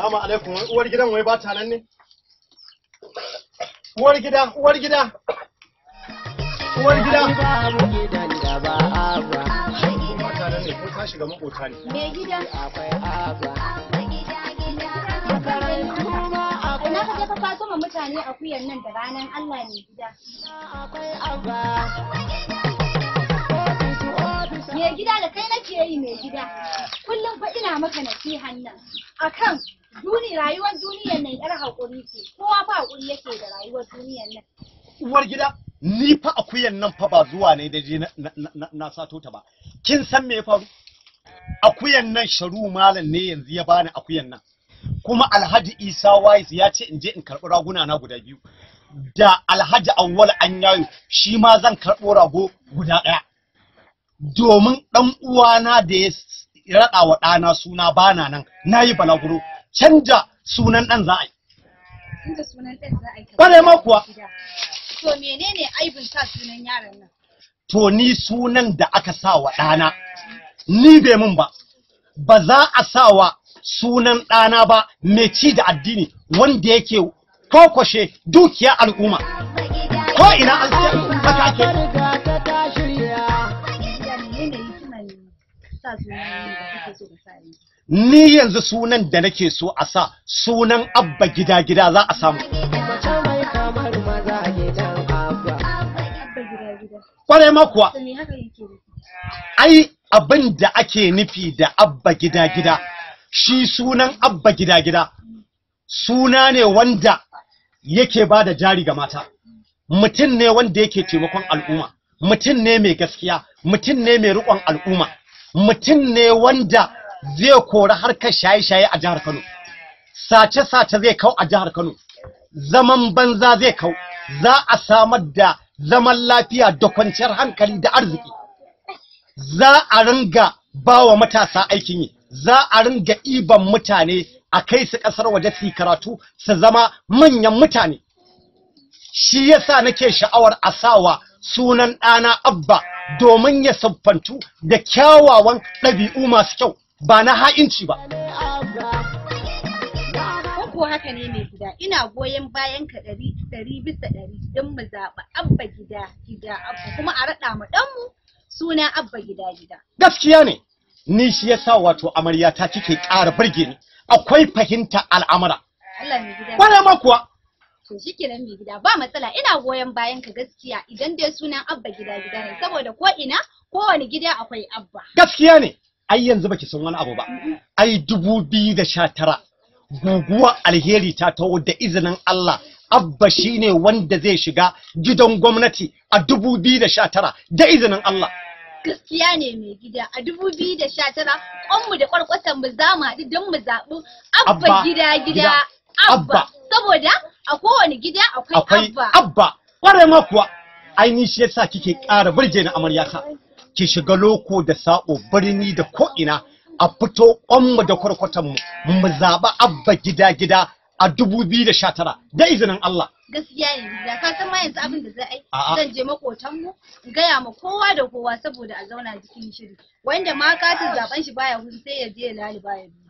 Salamu alaikum, uwar gidan wai ba ta nan ne? Uwar gida, uwar gida. Uwar gida. Me gida? da Allah kai nake yi me gida. Kullum faɗi ina maka nasihan nan. Akan duni rayuwar duniyar nan yar hakuri ce kowa fa hakuri yake da rayuwar duniyar nan uwar gida ni fa akuyan nan fa ba zuwa ne da je na sato ta ba kin san me faru akuyan nan sharu malam ne yanzu ya bani akuyan nan kuma alhaji isa wise ya ce in je in karɓi raguna na guda biyu da alhaji awwal an yayo shi ma zan karɓo rago guda ɗaya domin ɗan uwana da ya raɗa wa ɗana suna bana nan na yi balaguro canja sunan ɗan za a yi. sunan ma kuwa. To menene aibin sa sunan yaron nan? To ni sunan da aka sa wa ɗana. Ni bai mun ba. Ba za a sa wa sunan ɗana ba mai ci da addini wanda yake kokwashe dukiya al'umma. Ko ina an saka ke. Ni yanzu sunan da nake so a sa sunan abba gida gida za a samu. Kwarai ma kuwa. Ai abin da ake nufi da abba gida gida shi sunan abba gida gida suna ne wanda yake ba da jari ga mata. Mutum ne wanda yake taimakon al'umma. Mutum ne mai gaskiya. Mutum ne mai riƙon al'umma. mutum ne wanda zai kori harkar shaye-shaye a jihar Kano sace-sace zai kau a jihar Kano zaman banza zai kau za a samar da zaman lafiya da kwanciyar hankali da arziki za a ringa ba wa matasa aikin yi za a ringa iban mutane a kai su ƙasar waje su karatu su zama manyan mutane shi yasa nake sha'awar asawa sunan ɗana abba domin ya siffantu da kyawawan ɗabi'u masu kyau ba na ha'inci ba. Ko haka ne mai gida ina goyon bayan ka ɗari ɗari bisa ɗari don mu zaɓi abba gida gida abba kuma a raɗa mu ɗanmu suna abba gida gida. Gaskiya ne ni shi ya sa wato amaryata kike ƙara birge ni akwai fahimta al'amura. Allah ne gida. Kwana ma kuwa to shikenan mai gida ba matsala ina goyon bayan ka gaskiya idan dai sunan abba gida gida ne saboda ko ina kowane gida akwai abba gaskiya ne ai yanzu baki san wani abu ba ai dubu biyu guguwa alheri ta taho da izinin Allah abba shine wanda zai shiga gidan gwamnati a dubu da izinin Allah gaskiya ne mai gida a dubu biyu da sha ƙwanmu da mu za mu haɗu don mu zaɓi abba gida gida abba a kowane gida akwai abba kware ma kuwa ainihin shi yasa kike ƙara burge na amaryata ki shiga loko da sa'o birni da ko'ina a fito ƙwanmu da kwarkwatan mu zaɓa abba gida-gida a 2019 da izinin Allah. Gaskiya ne, da ka san ma yanzu abin da zai ai zan je makotanmu in gaya ma kowa da kowa saboda a zauna jikin shiri wanda ma katin zaben shi baya kusa, sai ya je ya laliba ya biyu.